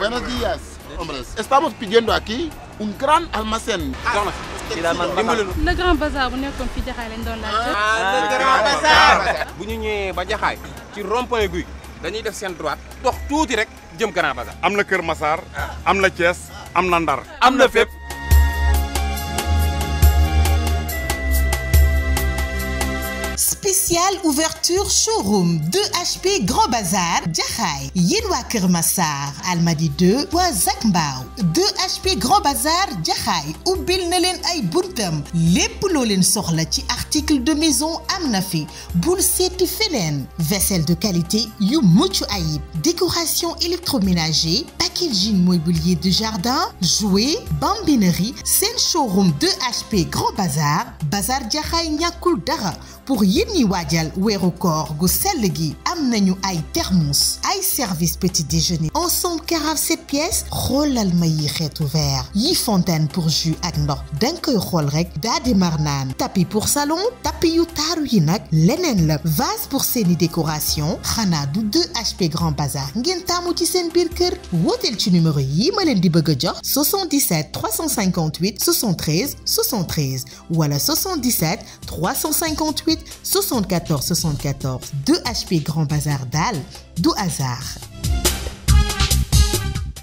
Buenos días, hombres. Estamos pidiendo aquí un gran almacén. Ah, le grand bazar bu nekkoon fii jaxaay lañ doon laajte. Ah, ah, le grand bazar. bu ñu ñëwee ba ci rond-point guy dañuy def seen droite dox tuuti rek jëm grand bazar. am na Kër masaar am na Thiès am na Ndar. am na fépp. spécial ouverture showroom 2 Almadi 2 Zac Mbao 2 HP Grand Bazar Jaxaay ubbil na lépp loo leen soxla ci article de maison am na fi bul seeti feneen vaisselle de qualité yu mucc ayib décoration électroménager packaging mobilier de jardin jouets bambinerie seen showroom 2 HP Grand Bazar Bazar Jaxaay ñàkkul dara pour yéen ñi waajal weeru koor gu sell gi am nañu ay thermos ay service petit déjeuner ensemble carafe sept pièces xoolal ma yi xeetu verre yi fontaine pour jus ak ndox danga koy xool rek daa di mar naan tapis pour salon tapis yu taaru yi nag leneen la vase pour seeni décoration xanaa du 2 HP Grand Bazar ngeen taamu ci seen biir kër ci numéro yi ma leen di bëgg a jox 77 358 73 73 wala 77 358 74 74 2 HP Grand bazar daal du hasard